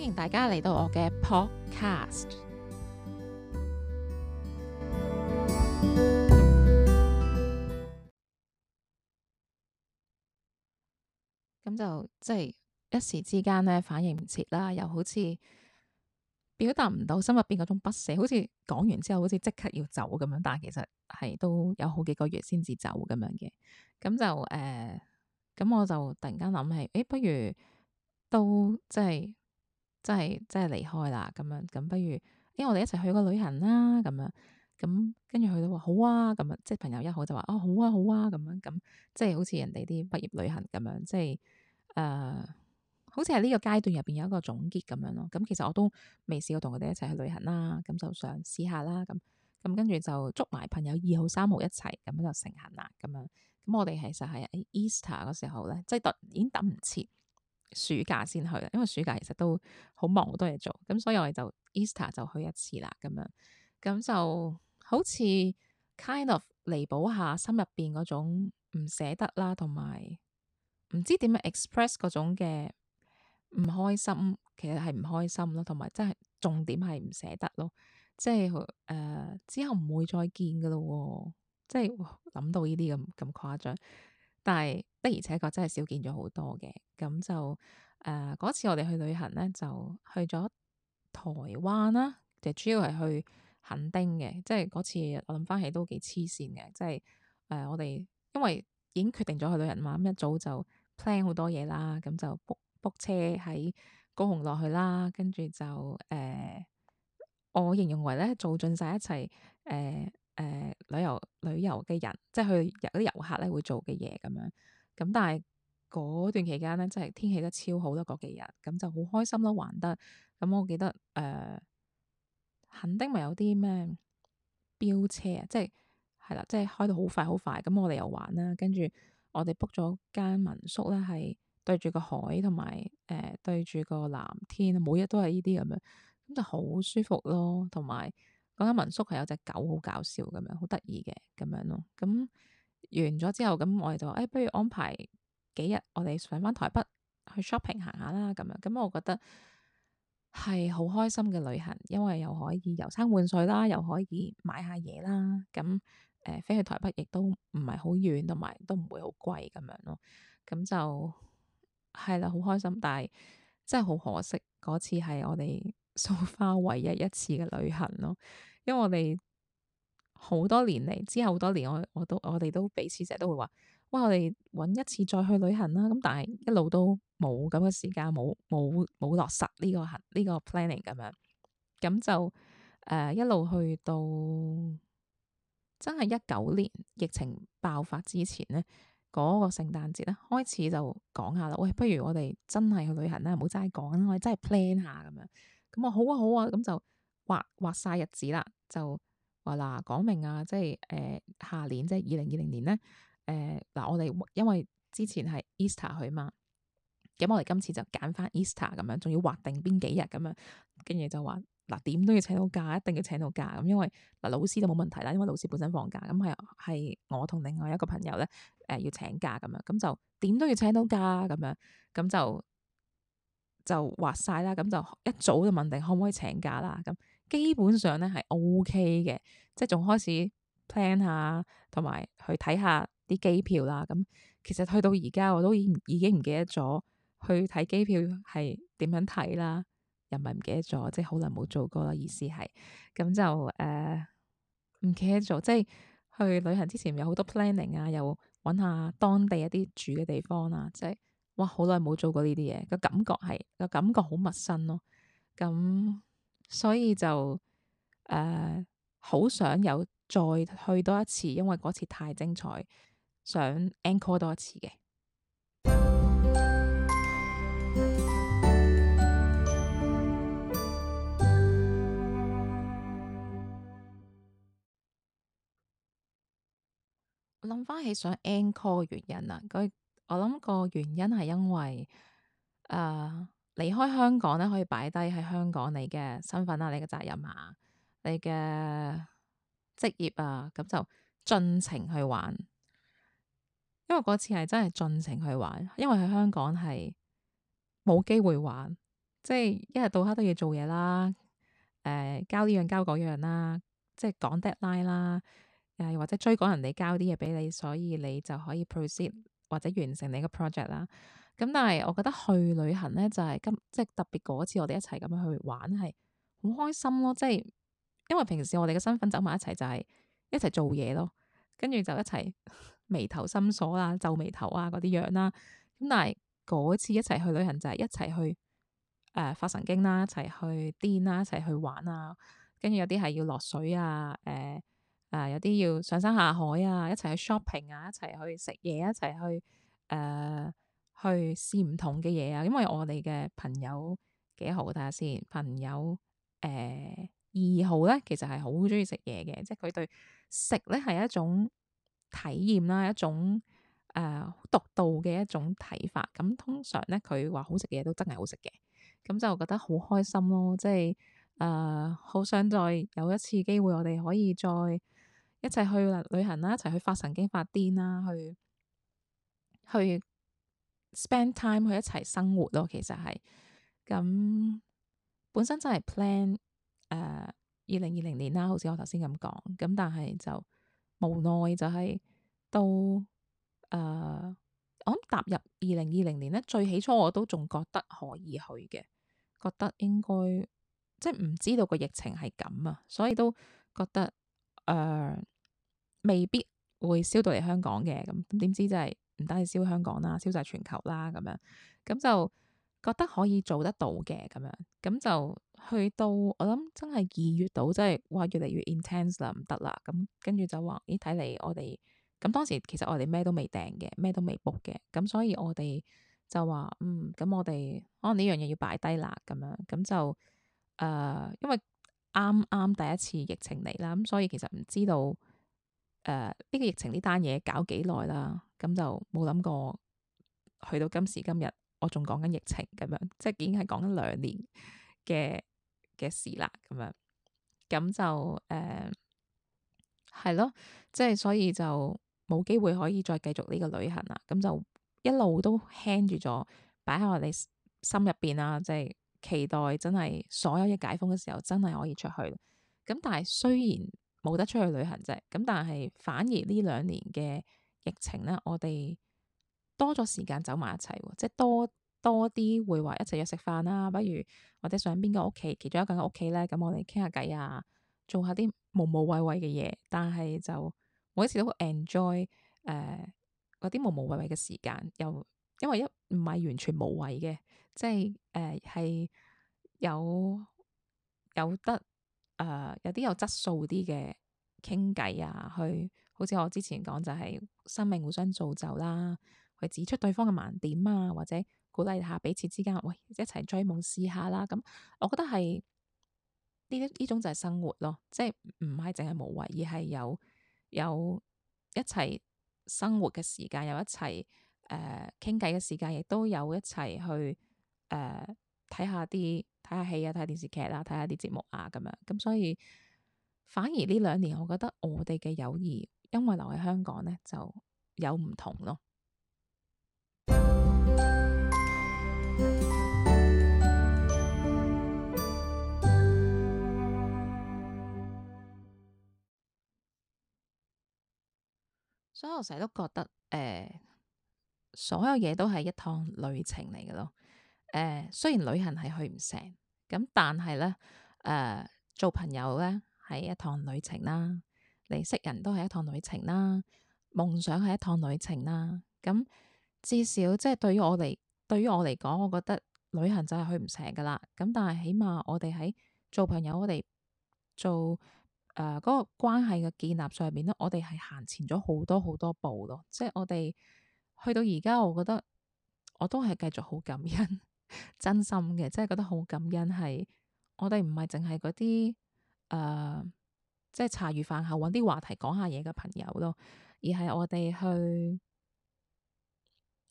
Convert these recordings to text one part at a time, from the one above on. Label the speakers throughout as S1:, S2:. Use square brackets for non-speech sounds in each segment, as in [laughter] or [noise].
S1: 歡迎大家嚟到我嘅 Podcast。咁、嗯、就即係一時之間咧反應唔切啦，又好似表達唔到心入邊嗰種不捨，好似講完之後好似即刻要走咁樣，但係其實係都有好幾個月先至走咁樣嘅。咁、嗯、就誒，咁、uh，我就突然間諗起，誒，不如都即係。即係即係離開啦，咁樣咁不如，因為我哋一齊去個旅行啦，咁樣咁跟住佢都話好啊，咁啊，即係朋友一號就話哦好啊好啊咁樣，咁即係好似人哋啲畢業旅行咁樣，即係誒、呃，好似係呢個階段入邊有一個總結咁樣咯。咁其實我都未試過同佢哋一齊去旅行啦，咁就想試下啦，咁咁跟住就捉埋朋友二號三號一齊，咁樣就成行啦，咁樣。咁我哋其實係 Easter 嗰時候咧，即係突然已經等唔切。暑假先去啦，因為暑假其實都好忙，好多嘢做，咁所以我哋就 Easter 就去一次啦，咁樣咁就好似 kind of 彌補下心入邊嗰種唔捨得啦，同埋唔知點樣 express 嗰種嘅唔開心，其實係唔開心咯，同埋真係重點係唔捨得咯，即係誒、呃、之後唔會再見㗎咯，即係諗到呢啲咁咁誇張，但係。的而且確真係少見咗好多嘅，咁就誒嗰、呃、次我哋去旅行咧，就去咗台灣啦，就是、主要係去墾丁嘅。即係嗰次我諗翻起都幾黐線嘅，即係誒我哋因為已經決定咗去旅行嘛，咁一早就 plan 好多嘢啦，咁就卜卜車喺高雄落去啦，跟住就誒、呃、我形容為咧做盡晒一齊誒誒旅遊旅遊嘅人，即、就、係、是、去遊啲遊客咧會做嘅嘢咁樣。咁但係嗰段期間咧，真係天氣都超好啦嗰幾日，咁就好開心咯玩得。咁我記得誒，墾丁咪有啲咩飆車啊，即係係啦，即係、就是、開到好快好快。咁我哋又玩啦，跟住我哋 book 咗間民宿啦，係對住個海同埋誒對住個藍天，每日都係呢啲咁樣，咁就好舒服咯。同埋嗰間民宿係有隻狗好搞笑咁樣，好得意嘅咁樣咯。咁、嗯完咗之後，咁我哋就話誒、哎，不如安排幾日，我哋上翻台北去 shopping 行下啦，咁樣，咁我覺得係好開心嘅旅行，因為又可以遊山玩水啦，又可以買下嘢啦，咁誒、呃、飛去台北亦都唔係好遠，同埋都唔會好貴咁樣咯，咁就係啦，好開心，但係真係好可惜，嗰次係我哋 so far 唯一一次嘅旅行咯，因為我哋。好多年嚟，之後好多年，我我都我哋都彼此成日都會話，哇！我哋揾一次再去旅行啦。咁但係一路都冇咁嘅時間，冇冇冇落實呢個行呢個 planning 咁樣。咁就誒一路去到真係一九年疫情爆發之前咧，嗰個聖誕節咧開始就講下啦。喂，不如我哋真係去旅行啦，唔好齋講啦，我哋真係 plan 下咁樣。咁話好啊好啊，咁就畫畫晒日子啦，就～話嗱，講明啊，即係誒下年即係二零二零年咧，誒、呃、嗱，我哋因為之前係 Easter 去嘛，咁我哋今次就揀翻 Easter 咁樣，仲要劃定邊幾日咁樣，跟住就話嗱，點都要請到假，一定要請到假咁、嗯，因為嗱老師就冇問題啦，因為老師本身放假，咁係係我同另外一個朋友咧誒、呃、要請假咁樣，咁就點都要請到假咁、啊、樣，咁就就劃晒啦，咁就一早就問定可唔可以請假啦咁。基本上咧係 OK 嘅，即係仲開始 plan 下，同埋去睇下啲機票啦。咁其實去到而家我都已已經唔記得咗去睇機票係點樣睇啦，又唔係唔記得咗，即係好耐冇做過啦。意思係咁就誒唔、uh，記得咗，即係去旅行之前有好多 planning 啊，又揾下當地一啲住嘅地方啊，即係哇好耐冇做過呢啲嘢，個感覺係個感覺好陌生咯、啊，咁。所以就誒好、呃、想有再去多一次，因為嗰次太精彩，想 encore 多一次嘅。我諗翻起想 encore 嘅原因啦，佢我諗個原因係因為誒。呃離開香港咧，可以擺低喺香港你嘅身份啊，你嘅責任啊，你嘅職業啊，咁就盡情去玩。因為嗰次係真係盡情去玩，因為喺香港係冇機會玩，即係一日到黑都要做嘢啦，誒、呃，交呢樣交嗰樣啦，即係講 deadline 啦，又或者追趕人哋交啲嘢俾你，所以你就可以 proceed 或者完成你嘅 project 啦。咁但係，我覺得去旅行咧，就係、是、今即係特別嗰次，我哋一齊咁樣去玩，係好開心咯。即係因為平時我哋嘅身份走埋一齊，就係、是、一齊做嘢咯。跟住就一齊眉頭深鎖啊、皺眉頭啊嗰啲樣啦。咁但係嗰次一齊去旅行就係一齊去誒、呃、發神經啦，一齊去癲啦，一齊去玩啊。跟住有啲係要落水啊，誒、呃、誒、呃、有啲要上山下海啊，一齊去 shopping 啊，一齊去食嘢，一齊去誒。呃去試唔同嘅嘢啊！因為我哋嘅朋友幾好，睇下先。朋友誒二、呃、號咧，其實係好中意食嘢嘅，即係佢對食咧係一種體驗啦，一種誒獨到嘅一種睇法。咁、嗯、通常咧，佢話好食嘅嘢都真係好食嘅，咁、嗯、就覺得好開心咯。即係誒，好、呃、想再有一次機會，我哋可以再一齊去旅行啦，一齊去發神經發癲啦，去去 spend time 去一齊生活咯，其實係咁本身真係 plan 誒二零二零年啦，好似我頭先咁講，咁但係就無奈就係到誒、uh, 我諗踏入二零二零年咧，最起初我都仲覺得可以去嘅，覺得應該即係唔知道個疫情係咁啊，所以都覺得誒、uh, 未必會燒到嚟香港嘅咁，點知就係、是。唔單止燒香港啦，燒晒全球啦，咁樣咁就覺得可以做得到嘅，咁樣咁就去到我諗真係二月度，真係嘩越嚟越 intense 啦，唔得啦，咁跟住就話咦，睇嚟我哋咁當時其實我哋咩都未訂嘅，咩都未 book 嘅，咁所以我哋就話嗯，咁我哋可能呢樣嘢要擺低啦，咁樣咁就誒、呃，因為啱啱第一次疫情嚟啦，咁所以其實唔知道。誒，呢、uh，個疫情呢單嘢搞幾耐啦，咁就冇諗過去到今時今日，我仲講緊疫情咁樣，即係已經係講緊兩年嘅嘅事啦，咁樣，咁就誒係咯，即係所以就冇機會可以再繼續呢個旅行啦，咁就一路都 hang 住咗，擺喺我哋心入邊啦，即係期待真係所有嘢解封嘅時候，真係可以出去，咁但係雖然。冇得出去旅行啫，咁但係反而呢兩年嘅疫情咧，我哋多咗時間走埋一齊喎，即係多多啲會話一齊約食飯啦，不如或者上邊個屋企，其中一間屋企咧，咁我哋傾下偈啊，做下啲無無謂謂嘅嘢，但係就每一次都 enjoy 誒嗰啲無無謂謂嘅時間，又因為一唔係完全無謂嘅，即係誒係有有得。誒、呃、有啲有質素啲嘅傾偈啊，去好似我之前講就係、是、生命互相造就啦，去指出對方嘅盲點啊，或者鼓勵下彼此之間，喂、哎、一齊追夢試下啦。咁、嗯、我覺得係呢啲呢種就係生活咯，即係唔係淨係無謂，而係有有一齊生活嘅時間，有一齊誒傾偈嘅時間、呃，亦都有一齊去誒。呃睇下啲睇下戲啊，睇下電視劇啊，睇下啲節目啊，咁樣咁，所以反而呢兩年，我覺得我哋嘅友誼，因為留喺香港呢，就有唔同咯。所以我成日都覺得，誒、呃，所有嘢都係一趟旅程嚟嘅咯。誒、呃，雖然旅行係去唔成，咁但係咧，誒、呃、做朋友咧係一趟旅程啦，認識人都係一趟旅程啦，夢想係一趟旅程啦。咁、嗯、至少即係對於我嚟，對於我嚟講，我覺得旅行就係去唔成噶啦。咁但係起碼我哋喺做朋友，我哋做誒嗰、呃那個關係嘅建立上面咧，我哋係行前咗好多好多步咯。即係我哋去到而家，我覺得我都係繼續好感恩。真心嘅，即係覺得好感恩，係我哋唔係淨係嗰啲誒，即係茶餘飯後搵啲話題講下嘢嘅朋友咯，而係我哋去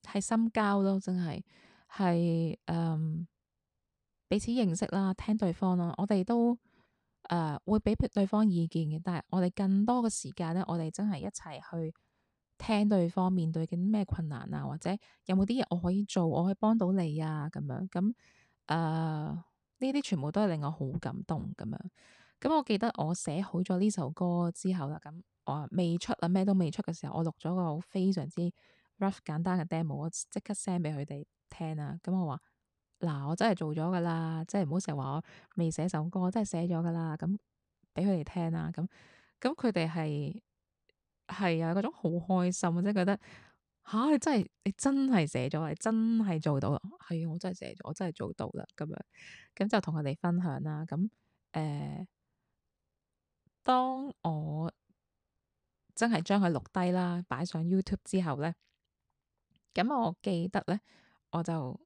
S1: 係深交咯，真係係、呃、彼此認識啦，聽對方咯，我哋都誒、呃、會俾對方意見嘅，但係我哋更多嘅時間咧，我哋真係一齊去。聽對方面對緊咩困難啊，或者有冇啲嘢我可以做，我可以幫到你啊，咁樣，咁誒呢啲全部都係令我好感動咁樣。咁我記得我寫好咗呢首歌之後啦，咁我未出啊，咩都未出嘅時候，我錄咗個非常之 rough 簡單嘅 demo，我即刻 send 俾佢哋聽啦。咁我話嗱、啊，我真係做咗噶啦，即係唔好成日話我未寫首歌，真係寫咗噶啦。咁俾佢哋聽啦。咁咁佢哋係。係啊，嗰種好開心，即覺得吓，你真係你真係寫咗，你真係做到啦。係我真係寫咗，我真係做到啦。咁樣，咁就同佢哋分享啦。咁誒、呃，當我真係將佢錄低啦，擺上 YouTube 之後咧，咁我記得咧，我就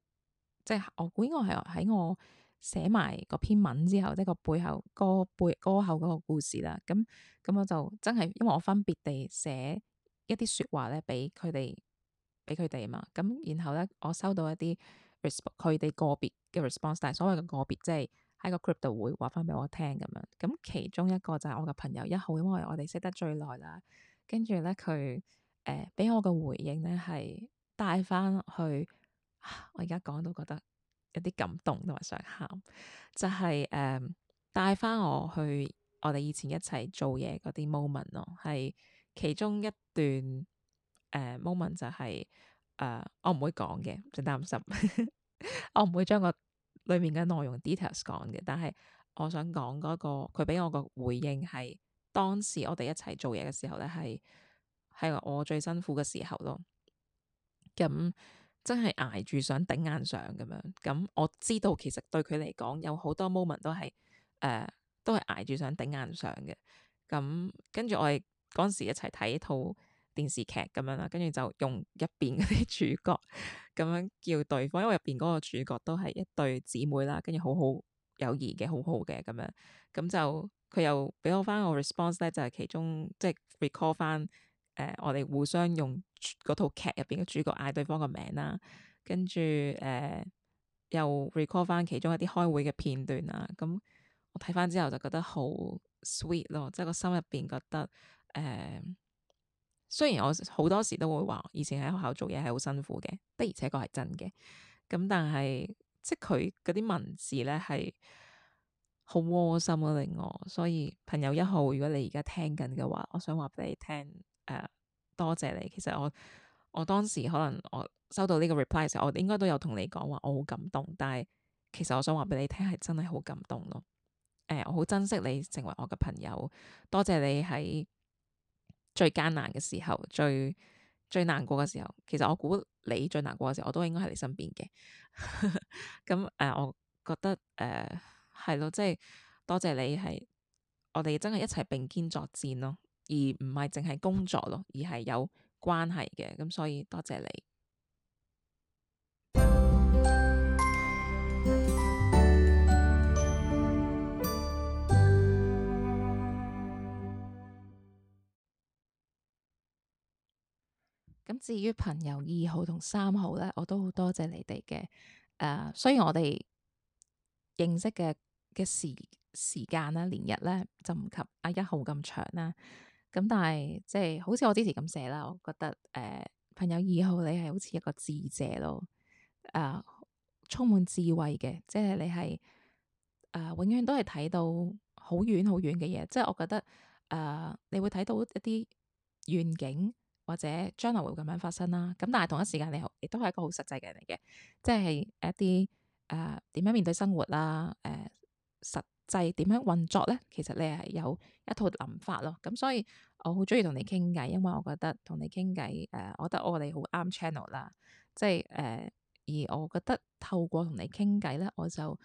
S1: 即係、就是、我估應該係喺我。寫埋嗰篇文之後，即係個背後歌背歌後嗰個故事啦。咁咁我就真係，因為我分別地寫一啲說話咧，俾佢哋，俾佢哋啊嘛。咁然後咧，我收到一啲佢哋個別嘅 response。但係所謂嘅個別，即係喺個 group 度會話翻俾我聽咁樣。咁其中一個就係我嘅朋友一號，因為我哋識得最耐啦。跟住咧，佢誒俾我嘅回應咧係帶翻去。我而家講都覺得。一啲感動同埋想喊，就係、是、誒、呃、帶翻我去我哋以前一齊做嘢嗰啲 moment 咯，係其中一段誒 moment、呃、就係、是、誒、呃、我唔會講嘅，唔使擔心， [laughs] 我唔會將個裡面嘅內容 details 講嘅，但係我想講嗰、那個佢俾我個回應係當時我哋一齊做嘢嘅時候咧，係係我最辛苦嘅時候咯，咁。真係捱住想頂硬上咁樣，咁我知道其實對佢嚟講有好多 moment 都係誒、呃，都係捱住想頂硬上嘅。咁跟住我哋嗰陣時一齊睇一套電視劇咁樣啦，跟住就用入邊嗰啲主角咁樣叫對方，因為入邊嗰個主角都係一對姊妹啦，跟住好好友誼嘅，好好嘅咁樣。咁就佢又俾我翻個 response 咧，就係、是、其中即係、就是、recall 翻。誒、呃，我哋互相用套劇入邊嘅主角嗌對方個名啦，跟住誒、呃、又 record 翻其中一啲開會嘅片段啦。咁、嗯、我睇翻之後就覺得好 sweet 咯，即係個心入邊覺得誒、呃，雖然我好多時都會話以前喺學校做嘢係好辛苦嘅，的而且確係真嘅。咁、嗯、但係即係佢嗰啲文字咧係好窩心啊，令我。所以朋友一號，如果你而家聽緊嘅話，我想話俾你聽。誒，uh, 多謝你。其實我我當時可能我收到呢個 reply 嘅時候，我應該都有同你講話，我好感動。但係其實我想話俾你聽，係真係好感動咯。誒、uh, 我好珍惜你成為我嘅朋友。多謝你喺最艱難嘅時候、最最難過嘅時候。其實我估你最難過嘅時候，我都應該喺你身邊嘅。咁 [laughs] 誒，uh, 我覺得誒係、uh, 咯，即係多謝你係我哋真係一齊並肩作戰咯。而唔係淨係工作咯，而係有關係嘅，咁所以多謝你。咁至於朋友二號同三號呢，我都好多謝你哋嘅。誒、呃，雖然我哋認識嘅嘅時時間啦，連日呢就唔及阿一號咁長啦。咁但係即係好似我之前咁寫啦，我覺得誒、呃、朋友二號你係好似一個智者咯，誒、呃、充滿智慧嘅，即係你係誒、呃、永遠都係睇到好遠好遠嘅嘢，即係我覺得誒、呃、你會睇到一啲願景或者將來會咁樣發生啦。咁但係同一時間你亦都係一個好實際嘅人嚟嘅，即係一啲誒點樣面對生活啦，誒、呃、實。就係點樣運作咧？其實你係有一套諗法咯。咁所以我好中意同你傾偈，因為我覺得同你傾偈，誒、呃，我覺得我哋好啱 channel 啦。即係誒、呃，而我覺得透過同你傾偈咧，我就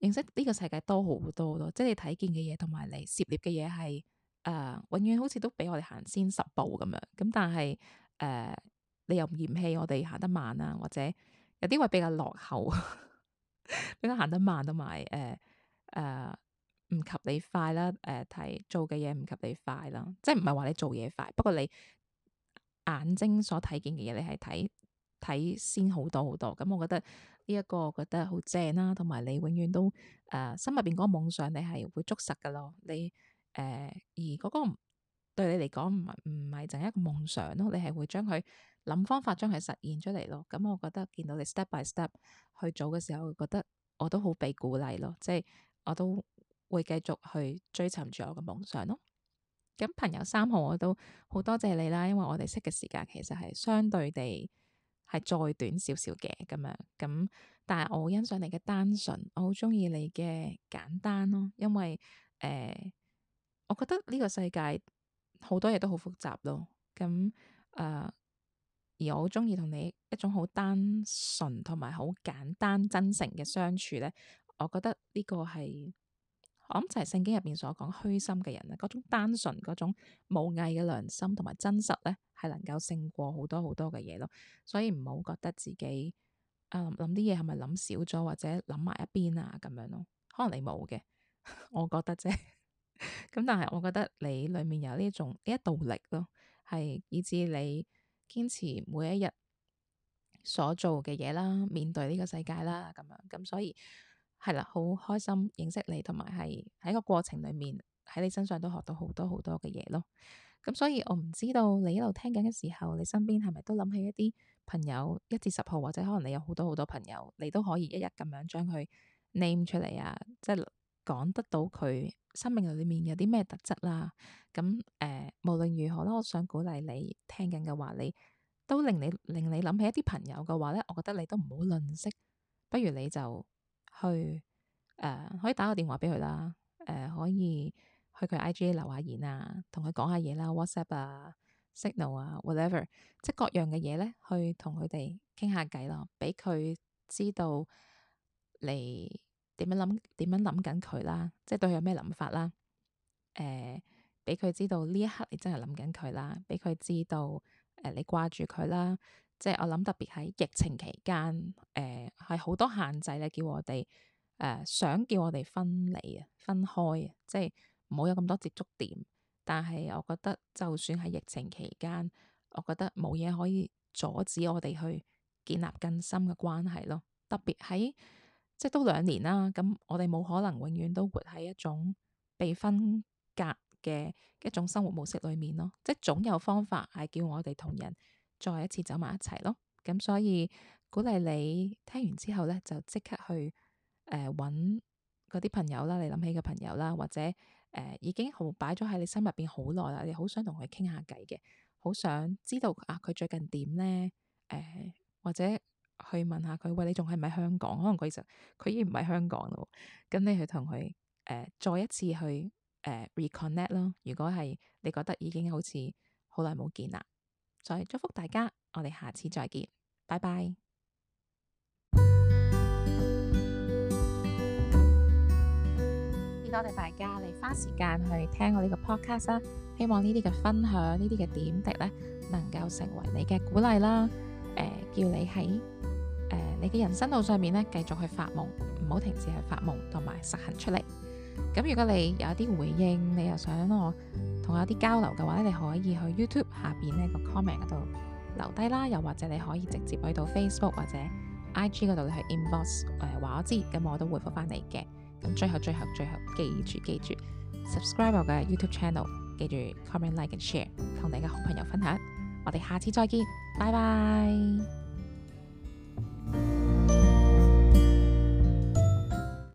S1: 認識呢個世界多好多咯。即係你睇見嘅嘢同埋你涉獵嘅嘢係誒，永遠好似都比我哋行先十步咁樣。咁但係誒、呃，你又唔嫌棄我哋行得慢啊？或者有啲位比較落後， [laughs] 比較行得慢同埋……誒、呃？誒，唔、呃、及你快啦，誒、呃，睇做嘅嘢唔及你快啦，即係唔係話你做嘢快，不過你眼睛所睇見嘅嘢，你係睇睇先好多好多，咁、嗯、我覺得呢一個我覺得好正啦，同埋你永遠都誒、呃、心入邊嗰個夢想，你係會捉實噶咯，你誒而嗰個對你嚟講唔係唔係淨係一個夢想咯，你係會將佢諗方法將佢實現出嚟咯，咁、嗯、我覺得見到你 step by step 去做嘅時候，我覺得我都好被鼓勵咯，即係。我都會繼續去追尋住我嘅夢想咯。咁朋友三號，我都好多謝你啦，因為我哋識嘅時間其實係相對地係再短少少嘅咁樣。咁但係我好欣賞你嘅單純，我好中意你嘅簡單咯。因為誒、呃，我覺得呢個世界好多嘢都好複雜咯。咁誒、呃，而我好中意同你一種好單純同埋好簡單、真誠嘅相處咧。我覺得呢個係，我諗就係聖經入邊所講虛心嘅人啊，嗰種單純，嗰種冇藝嘅良心同埋真實咧，係能夠勝過好多好多嘅嘢咯。所以唔好覺得自己啊諗啲嘢係咪諗少咗或者諗埋一邊啊咁樣咯，可能你冇嘅，我覺得啫。咁 [laughs] 但係我覺得你裏面有呢種呢一道力咯，係以至你堅持每一日所做嘅嘢啦，面對呢個世界啦咁樣，咁所以。係啦，好開心認識你，同埋係喺個過程裏面喺你身上都學到好多好多嘅嘢咯。咁所以我唔知道你一路聽緊嘅時候，你身邊係咪都諗起一啲朋友一至十號，或者可能你有好多好多朋友，你都可以一日咁樣將佢 name 出嚟啊，即係講得到佢生命裏面有啲咩特質啦。咁誒、呃，無論如何啦，我想鼓勵你聽緊嘅話，你都令你令你諗起一啲朋友嘅話咧，我覺得你都唔好吝嗇，不如你就。去誒、呃、可以打個電話俾佢啦，誒、呃、可以去佢 IG、A、留下言啊，同佢講下嘢啦，WhatsApp 啊，Signal 啊，whatever，即各樣嘅嘢咧，去同佢哋傾下偈咯，俾佢知道你點樣諗，點樣諗緊佢啦，即係對佢有咩諗法啦，誒俾佢知道呢一刻你真係諗緊佢啦，俾佢知道誒、呃、你掛住佢啦。即係我諗，特別喺疫情期間，誒係好多限制咧，叫我哋誒、呃、想叫我哋分離啊、分開啊，即係唔好有咁多接觸點。但係我覺得，就算喺疫情期間，我覺得冇嘢可以阻止我哋去建立更深嘅關係咯。特別喺即係都兩年啦，咁我哋冇可能永遠都活喺一種被分隔嘅一種生活模式裡面咯。即係總有方法係叫我哋同人。再一次走埋一齊咯，咁所以鼓勵你聽完之後咧，就即刻去誒搵嗰啲朋友啦，你諗起嘅朋友啦，或者誒、呃、已經好擺咗喺你心入邊好耐啦，你好想同佢傾下偈嘅，好想知道啊佢最近點咧？誒、呃、或者去問下佢，喂，你仲喺唔喺香港？可能其實佢已經唔喺香港咯，咁你去同佢誒再一次去誒、呃、reconnect 咯。如果係你覺得已經好似好耐冇見啦。所以祝福大家，我哋下次再見，拜拜。多謝 [music] 大家你花時間去聽我呢個 podcast 啦。希望呢啲嘅分享，呢啲嘅點滴咧，能夠成為你嘅鼓勵啦。誒、呃，叫你喺誒、呃、你嘅人生路上面咧，繼續去發夢，唔好停止去發夢，同埋實行出嚟。咁如果你有啲回應，你又想我同我有啲交流嘅話咧，你可以去 YouTube 下邊呢個 comment 嗰度留低啦，又或者你可以直接去到 Facebook 或者 IG 嗰度去 inbox 誒、呃、話我，我知，咁我都回覆翻你嘅。咁最後最後最後記住記住 subscribe 我嘅 YouTube channel，記住 comment like and share，同你嘅好朋友分享。我哋下次再見，拜拜。